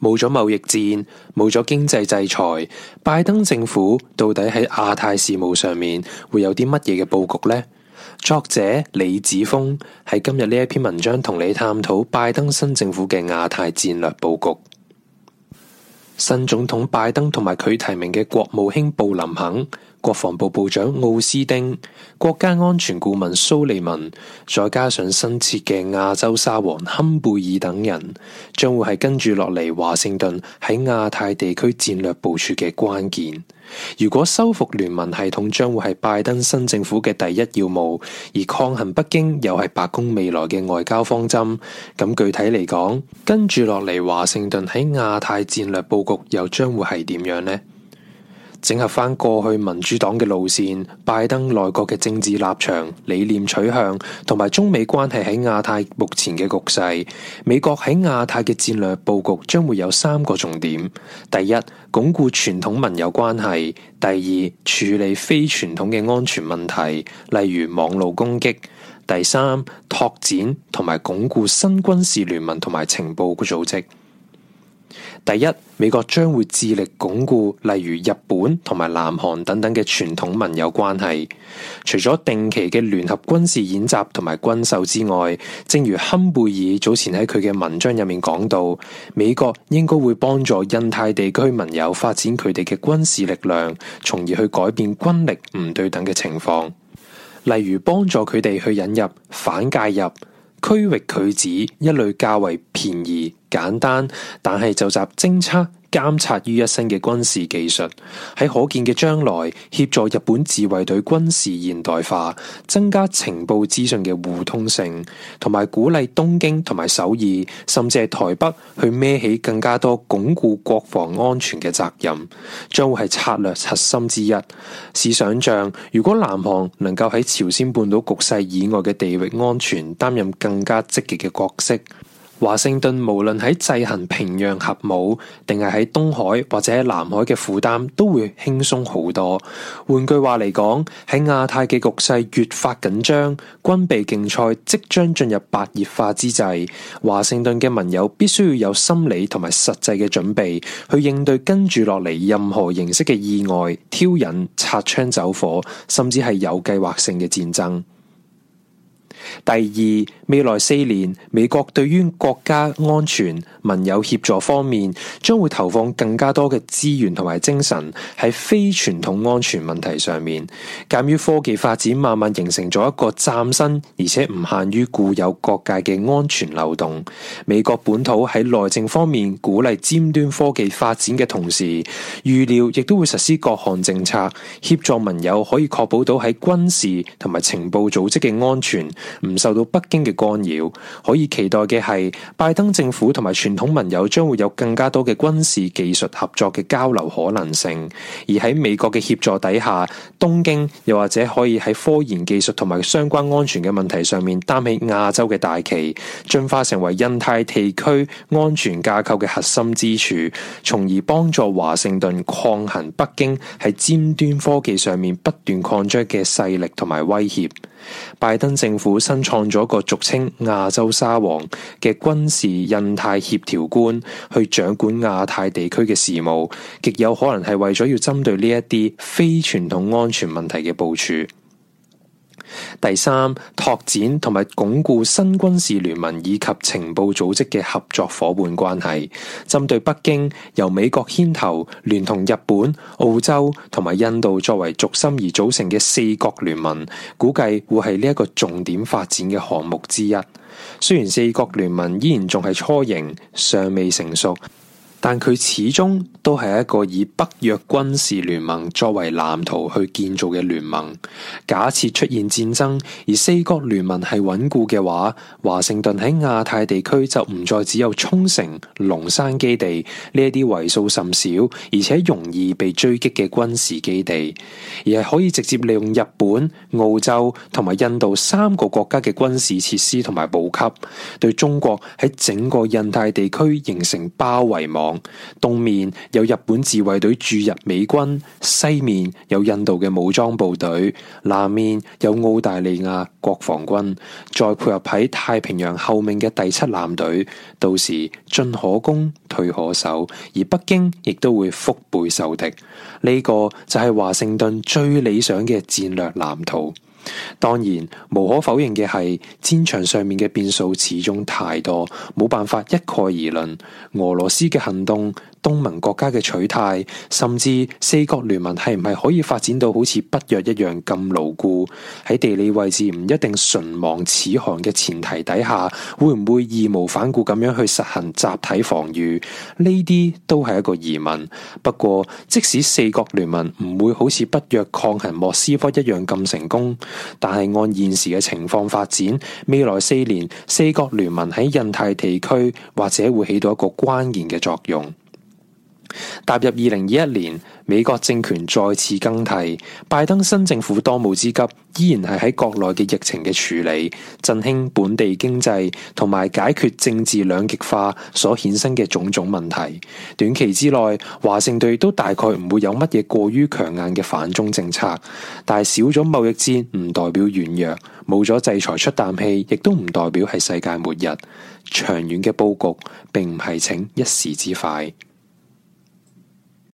冇咗貿易戰，冇咗經濟制裁，拜登政府到底喺亞太事務上面會有啲乜嘢嘅佈局呢？作者李紫楓喺今日呢一篇文章同你探討拜登新政府嘅亞太戰略佈局。新總統拜登同埋佢提名嘅國務卿布林肯、國防部部長奧斯汀、國家安全顧問蘇利文，再加上新設嘅亞洲沙皇坎貝爾等人，將會係跟住落嚟華盛頓喺亞太地區戰略部署嘅關鍵。如果修復聯盟系統將會係拜登新政府嘅第一要務，而抗衡北京又係白宮未來嘅外交方針，咁具體嚟講，跟住落嚟華盛頓喺亞太戰略布局又將會係點樣呢？整合返過去民主黨嘅路線，拜登內閣嘅政治立場、理念取向，同埋中美關係喺亞太目前嘅局勢，美國喺亞太嘅戰略布局將會有三個重點：第一，鞏固傳統盟友關係；第二，處理非傳統嘅安全問題，例如網絡攻擊；第三，拓展同埋鞏固新軍事聯盟同埋情報嘅組織。第一，美國將會致力鞏固例如日本同埋南韓等等嘅傳統盟友關係。除咗定期嘅聯合軍事演習同埋軍售之外，正如坎貝爾早前喺佢嘅文章入面講到，美國應該會幫助印太地區盟友發展佢哋嘅軍事力量，從而去改變軍力唔對等嘅情況。例如，幫助佢哋去引入反介入區域拒止一類較為便宜，簡單，但係就集偵測、監察於一身嘅軍事技術，喺可見嘅將來協助日本自衛隊軍事現代化，增加情報資訊嘅互通性，同埋鼓勵東京同埋首爾甚至係台北去孭起更加多鞏固國防安全嘅責任，將會係策略核心之一。試想象，如果南韓能夠喺朝鮮半島局勢以外嘅地域安全擔任更加積極嘅角色。華盛頓無論喺制衡、平壤核武，定係喺東海或者南海嘅負擔，都會輕鬆好多。換句話嚟講，喺亞太嘅局勢越發緊張，軍備競賽即將進入白熱化之際，華盛頓嘅盟友必須要有心理同埋實際嘅準備，去應對跟住落嚟任何形式嘅意外、挑釁、擦槍走火，甚至係有計劃性嘅戰爭。第二，未來四年，美國對於國家安全、盟友協助方面，將會投放更加多嘅資源同埋精神喺非傳統安全問題上面。鑒於科技發展慢慢形成咗一個嶄新而且唔限於固有國界嘅安全漏洞，美國本土喺內政方面鼓勵尖端科技發展嘅同時，預料亦都會實施各項政策協助盟友可以確保到喺軍事同埋情報組織嘅安全。唔受到北京嘅干擾，可以期待嘅係拜登政府同埋傳統盟友將會有更加多嘅軍事技術合作嘅交流可能性，而喺美國嘅協助底下，東京又或者可以喺科研技術同埋相關安全嘅問題上面擔起亞洲嘅大旗，進化成為印太地區安全架構嘅核心支柱，從而幫助華盛頓抗衡北京喺尖端科技上面不斷擴張嘅勢力同埋威脅。拜登政府新創咗個俗稱亞洲沙皇嘅軍事印太協調官，去掌管亞太地區嘅事務，極有可能係為咗要針對呢一啲非傳統安全問題嘅部署。第三，拓展同埋鞏固新軍事聯盟以及情報組織嘅合作夥伴關係，針對北京由美國牽頭，聯同日本、澳洲同埋印度作為軸心而組成嘅四國聯盟，估計會係呢一個重點發展嘅項目之一。雖然四國聯盟依然仲係雛形，尚未成熟。但佢始終都係一個以北約軍事聯盟作為藍圖去建造嘅聯盟。假設出現戰爭，而四國聯盟係穩固嘅話，華盛頓喺亞太地區就唔再只有沖繩、龍山基地呢一啲為數甚少而且容易被追擊嘅軍事基地，而係可以直接利用日本、澳洲同埋印度三個國家嘅軍事設施同埋補給，對中國喺整個印太地區形成包圍網。東面有日本自衛隊、駐日美軍，西面有印度嘅武裝部隊，南面有澳大利亞國防軍，再配合喺太平洋後面嘅第七艦隊，到時進可攻，退可守，而北京亦都會腹背受敵。呢個就係華盛頓最理想嘅戰略藍圖。當然，無可否認嘅係戰場上面嘅變數始終太多，冇辦法一概而論。俄羅斯嘅行動、東盟國家嘅取態，甚至四國聯盟係唔係可以發展到好似北約一樣咁牢固？喺地理位置唔一定唇亡齒寒嘅前提底下，會唔會義無反顧咁樣去實行集體防禦？呢啲都係一個疑問。不過，即使四國聯盟唔會好似北約抗衡莫斯科一樣咁成功，但係按現時嘅情況發展，未來四年，四國聯盟喺印太地區或者會起到一個關鍵嘅作用。踏入二零二一年，美國政權再次更替，拜登新政府當務之急依然係喺國內嘅疫情嘅處理，振興本地經濟，同埋解決政治兩極化所衍生嘅種種問題。短期之內，華盛頓都大概唔會有乜嘢過於強硬嘅反中政策。但係少咗貿易戰唔代表軟弱，冇咗制裁出啖氣，亦都唔代表係世界末日。長遠嘅布局並唔係逞一時之快。